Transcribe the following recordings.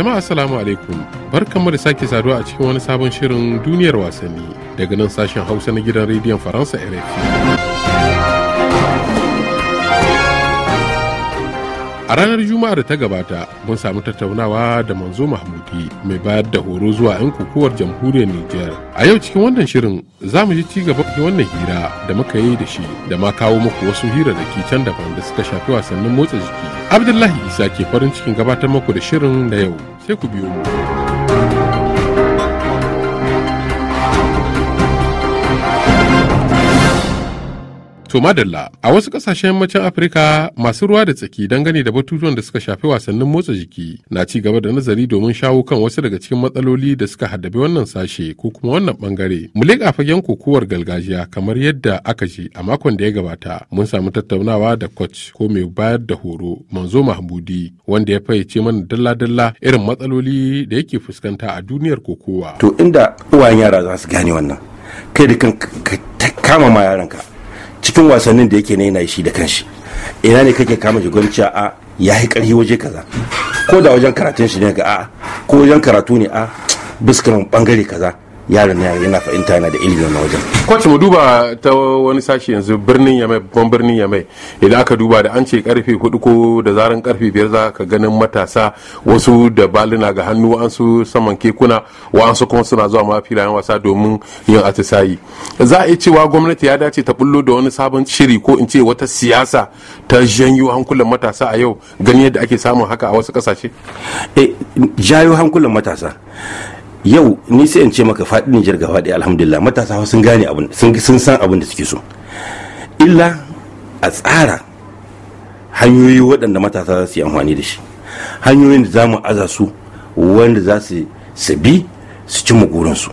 Jama'a Assalamu alaikum bar da sake saduwa a cikin wani sabon shirin duniyar wasanni daga nan sashen Hausa na gidan rediyon Faransa RFI. a ranar juma'ar da ta gabata mun samu tattaunawa da manzo mahmudi mai bayar da horo zuwa 'yan kokowar jamhuriyar nijar a yau cikin wannan shirin za mu ji ci gaba da wannan hira da muka yi da shi da ma kawo muku wasu hira da ke can daban da suka shafi wasannin motsa jiki abdullahi isa ke farin cikin gabatar muku da shirin da yau sai ku biyo mu To madalla a wasu kasashen yammacin Afirka masu ruwa da tsaki dangane da batutuwan da suka shafi wasannin motsa jiki na ci gaba da nazari domin shawo kan wasu daga cikin matsaloli da suka haddabi wannan sashe ko kuma wannan bangare. Mu leƙa fagen kokowar gargajiya kamar yadda aka ji a makon da ya gabata mun samu tattaunawa da coach ko mai bayar da horo Manzo Mahmudi wanda ya fayyace mana dalla-dalla irin matsaloli da yake fuskanta a duniyar kokowa. To inda uwayen yara za su gane wannan kai da kan kama ma yaranka cikin wasannin da yake yana shi da kanshi ina ne kake kama shi jigon a ya yi karhi waje kaza ko da wajen karatun shi ne ga a ko wajen karatu ne a biskan bangare kaza yaron na yana fahimta yana da ilimi na wajen kwace mu duba ta wani sashi yanzu birnin ya mai babban birnin yamai idan aka duba da an ce karfe hudu ko da zaran karfe biyar za ka ganin matasa wasu da balina ga hannu an saman kekuna wa'ansu kuma suna zuwa ma filayen wasa domin yin atisayi za a yi cewa gwamnati ya dace ta bullo da wani sabon shiri ko in ce wata siyasa ta janyo hankulan matasa a yau gani yadda ake samun haka a wasu kasashe eh, jayo hankulan matasa yau ni sai in ce maka faɗi Nijar ga faɗi alhamdulillah matasa sun gane abin sun san abin da suke so illa a tsara hanyoyi waɗanda matasa za su yi amfani da shi hanyoyin da za mu aza su wanda za su bi su ci su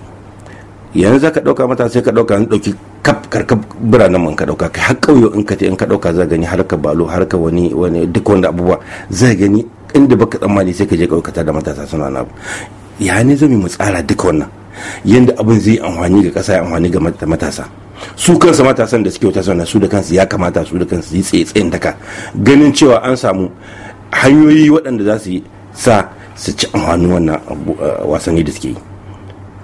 yanzu za ka ɗauka matasa sai ka ɗauka an ɗauki kaf karkab biranen man ka ɗauka kai har ƙauye in ka in ka ɗauka za gani har balo har ka wani wani duk wanda abubuwa zai gani inda baka tsammani sai ka je ta da matasa suna na ya ne zami mu tsara duka wannan yadda abin zai amfani ga kasa ya amfani ga matasa su kansa matasan da suke wata su da kansu ya kamata su da kansu yi tsaye daka ganin cewa an samu hanyoyi waɗanda za su yi sa su ci amfani wannan uh, wasanni da suke yi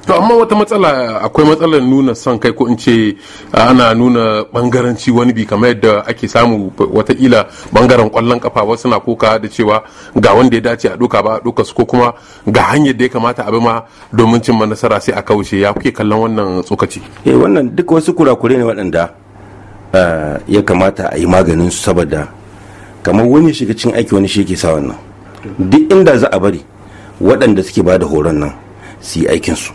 to amma wata matsala akwai matsalar nuna son kai ko in ce ana nuna bangaranci wani bi kamar yadda ake samu watakila bangaren kwallon kafa wasu na koka da cewa ga wanda ya dace a doka ba a doka su ko kuma ga hanyar da ya kamata abu ma domin cin nasara sai a kaushe ya kuke kallon wannan tsokaci eh wannan duk wasu kurakure ne waɗanda ya kamata a yi maganin su saboda kamar wani shiga cin aiki wani shi yake sa wannan duk inda za a bari waɗanda suke ba da horon nan su yi aikinsu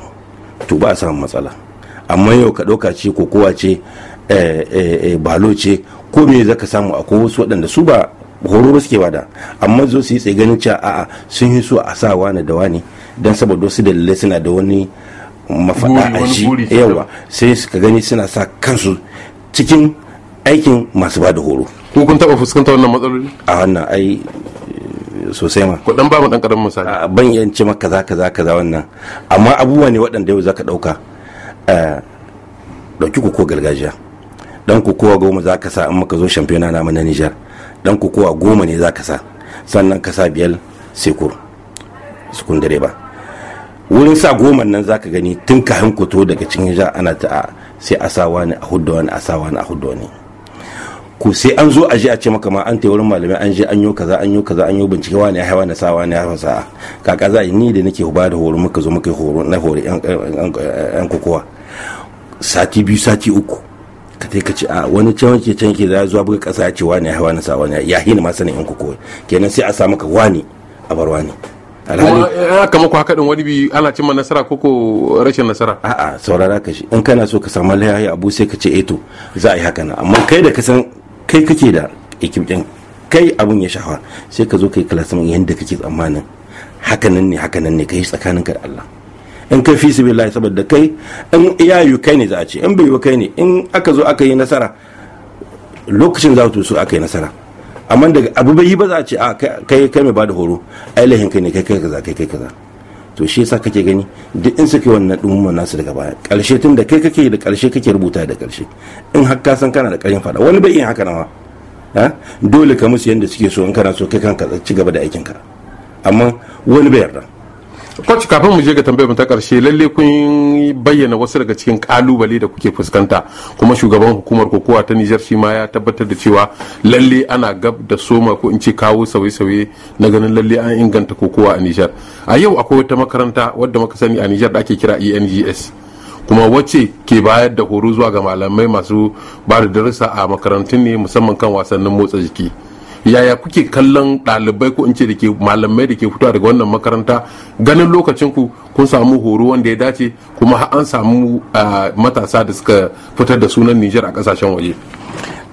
to ba a samun matsala amma yau ka ɗauka ce ko kowa ce eh, eh, eh, balo ce ko me zaka samu a wasu waɗanda su ba horo suke bada amma zo su yi tsaye ganin cewa a'a sun yi so a sa wani da wani don saboda wasu dalilai suna da wani mafaɗa a shi yawa sai suka gani suna sa kansu cikin aikin masu ba da horo ko kun taɓa fuskantar wannan matsaloli a wannan ai sosai ma ko dan babu dan karamin misali ban yanci maka kaza kaza kaza wannan amma abubuwa ne waɗanda yau zaka dauka dauki eh, ko gargajiya dan kokowa goma za ka sa in muka zo shampiyona na na Niger dan kokowa goma ne za ka sa sannan ka sa biyar sekur sukun direba wurin sa goma nan za ka gani tun ka hankoto daga cikin ja ana ta sai a sa wani a hudu wani a sa wani a hudu wani ko sai an zo a je a ce maka ma an ta wurin malamai an je an yi kaza an yi kaza an yi bincike wani ya haiwa na sa wani ya haifa sa kaka za ni da nake ba da horo muka zo muka horo na horo yan kokowa sati biyu sati uku ka ta ka ce a wani can ke can ke za zuwa buga kasa ya ce wani ya haiwa na sa wani ya hina ma sanin yan kokowa kenan sai a sa maka wani a bar wani ya kama muku haka din wani bi ana cimma nasara ko ko rashin nasara a'a saurara ka shi in kana so ka samu lahiya abu sai ka ce eto eh za a yi haka na amma kai da ka san kai kake da ekip din kai abun ya shafa sai ka zo kai kalasaman yadda kake tsammanin hakanan ne hakanan ne kai tsakaninka da Allah in kai fi sabilillah saboda kai in iyayu kai ne za a ce in bai kai ne in aka zo aka yi nasara lokacin za su aka yi nasara amma daga abu bai yi ba za a ce a ah, kai kai mai bada horo ai kai ne kai kai kaza kai kai kaza to shi yasa kake gani duk in suke wannan dumuma nasu daga baya karshe tun da kai kake da karshe kake rubuta da karshe in har ka san kana da karin fada wani bai yin haka nawa dole ka musu yadda suke so in kana so kai kanka ci gaba da aikin ka amma wani bai yarda Coach kafin mu je ga tambayar ta karshe lalle kun bayyana wasu daga cikin kalubale da kuke fuskanta kuma shugaban hukumar kokowa ta Nijar shi ma ya tabbatar da cewa lalle ana gab da soma ko in ce kawo sauye-sauye na ganin lalle an inganta kokowa a Nijar. A yau akwai wata makaranta wadda muka sani a Nijar da ake kira ENGS. kuma wacce ke bayar da horo zuwa ga malamai masu ba da darussa a makarantun ne musamman kan wasannin motsa jiki. yaya kuke kallon ɗalibai ko in ce da ke malamai da ke fitowa daga wannan makaranta ganin lokacin ku kun samu horo wanda ya dace kuma an samu ah, matasa da suka fitar da sunan Nijar a kasashen waje.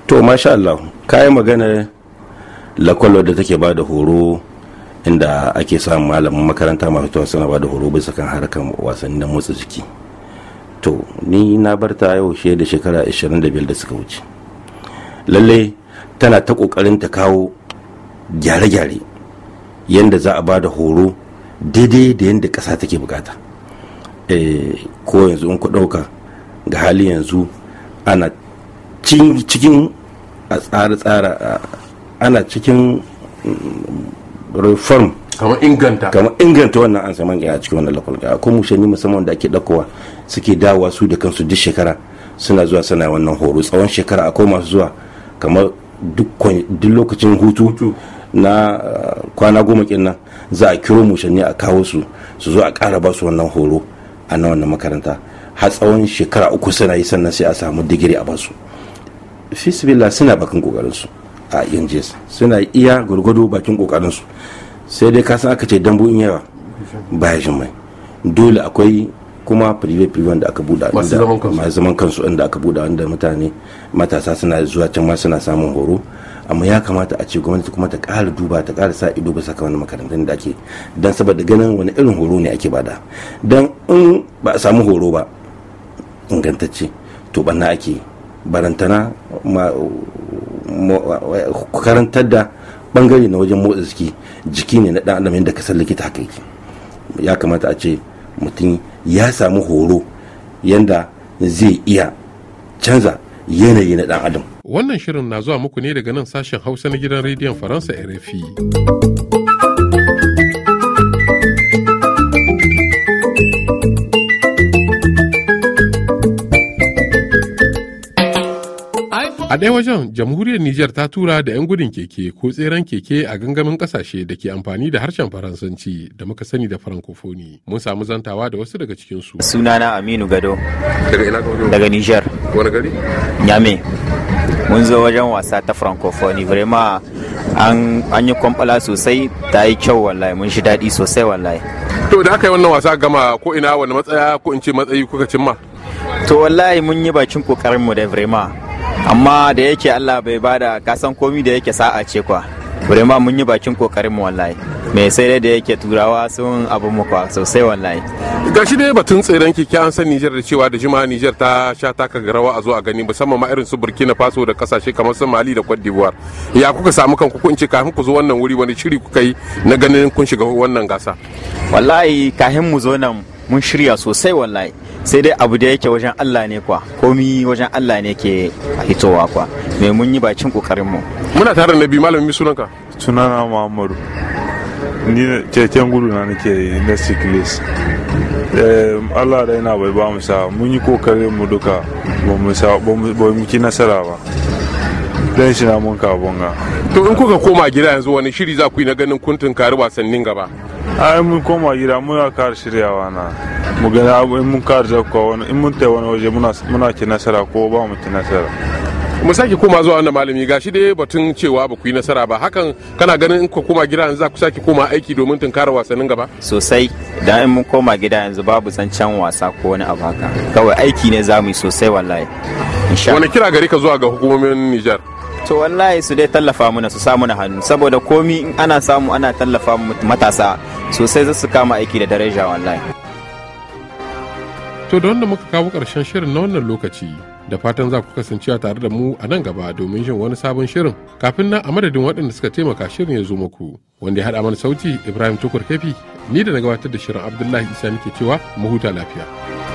To masha Allah kayan maganar lakwalo da take ba da horo inda ake samun malamin makaranta masu fitowa suna ba da horo bisa kan harkan wasanni na motsa jiki. To ni na barta yau da shekara 25 da suka wuce. Lallai tana ta kokarin ta kawo gyare-gyare yadda za a ba da horo daidai da yadda kasa take bukata eh, ko yanzu in ku ɗauka ga hali yanzu ana cikin a tsara-tsara ana cikin mm, reform kamar inganta kamar inganta wannan an saman a cikin wannan lakwal ga ko mushani musamman da ake dakowa suke dawa su da kansu duk shekara suna zuwa sana wannan horo tsawon shekara akwai masu zuwa kamar duk lokacin hutu na eh, kwana goma kenan za a kiro mushanni a kawo su su zo a ƙara ba su wannan horo a na wannan makaranta har tsawon shekara uku suna yi sannan sai a samu digiri a su fisibila suna bakin kokarinsu a yanjes suna iya gurgudu bakin kokarinsu sai dai kasan aka ce dambu in yawa baya jin mai dole akwai kuma private private wanda aka buɗa masu zaman kansu inda aka buɗa wanda mutane matasa suna zuwa can ma suna samun horo amma ya kamata a ce gwamnati kuma ta ƙara duba ta ƙara sa ido bisa kan makarantun da ake dan saboda ganin wani irin horo ne ake bada dan in ba a samu horo ba ingantacce to banna ake barantana karantar da bangare na wajen motsa jiki jiki ne na ɗan adam yadda kasar likita haka yake ya kamata a ce mutum ya samu horo yanda zai iya canza yanayi na dan adam wannan shirin na zuwa muku ne daga nan sashen hausa na gidan rediyon faransa rfi A ɗaya wajen jamhuriyar Nijar ta tura da 'yan gudun keke ko tseren keke a gangamin ƙasashe da ke amfani da harshen Faransanci da muka sani da Farankofoni. Mun samu zantawa da wasu daga cikin su. Sunana Aminu Gado. Daga Nijar. Wani gari? Nyame. Mun zo wajen wasa ta Farankofoni. Vrema an yi kwamfala sosai ta yi kyau wallahi mun shi daɗi sosai wallahi. To da aka yi wannan wasa gama ko ina wani matsaya ko in ce matsayi kuka cimma? To wallahi mun yi bakin kokarin mu da Vrema. amma da yake Allah bai bada kasan komi da yake sa'a ce kwa ma mun yi bakin kokarin mu wallahi me sai dai da yake turawa sun abin mu kwa sosai wallahi gashi dai batun ki keke an san Nijar da cewa da jima Nijar ta sha taka garawa a zo a gani musamman ma irin su Burkina Faso da kasashe kamar su Mali da Cote d'Ivoire ya kuka samu kanku ku ce kafin ku zo wannan wuri wani shiri kuka yi na ganin kun shiga wannan gasa wallahi kafin mu zo nan mun shirya sosai wallahi sai dai abu da yake wajen Allah ne kwa komi wajen Allah ne ke hitowa kwa mai mun yi bakin kokarin mu muna tare da nabi malamin sunanka sunana Muhammadu ni keken gudu na nake na siklis eh, Allah da yana bai ba mu sa mun yi kokarin mu duka ba mu sa ba mu ki nasara ba dan shi na mun ka bonga to in kuka koma gida yanzu wani shiri za ku yi na ganin kuntun tunkari wasannin gaba ai mun koma gida mun ya kar shiryawa na mu gani in mun kar zakwa wani in mun tai wani waje muna ci nasara ko ba mu ci nasara mu sake koma zuwa wannan malami gashi dai batun cewa ba ku yi nasara ba hakan kana ganin in ku koma gida yanzu za ku sake koma aiki domin tunkara wasannin gaba sosai dan in mun koma gida yanzu babu zancen wasa ko wani abu haka kawai aiki ne za mu yi sosai wallahi wani kira gari ka zuwa ga hukumomin Niger. to wallahi su dai tallafa mana su sa na hannu saboda komi ana samu ana tallafa matasa sosai za su kama aiki da daraja online to da wanda muka kawo ƙarshen shirin na wannan lokaci da fatan za ku kasance tare da mu a nan gaba domin jin wani sabon shirin kafin na a madadin waɗanda suka taimaka shirin ya zo muku wanda ya haɗa mana sauti ibrahim tukur kefi ni da na gabatar da shirin abdullahi isa nake cewa mu huta lafiya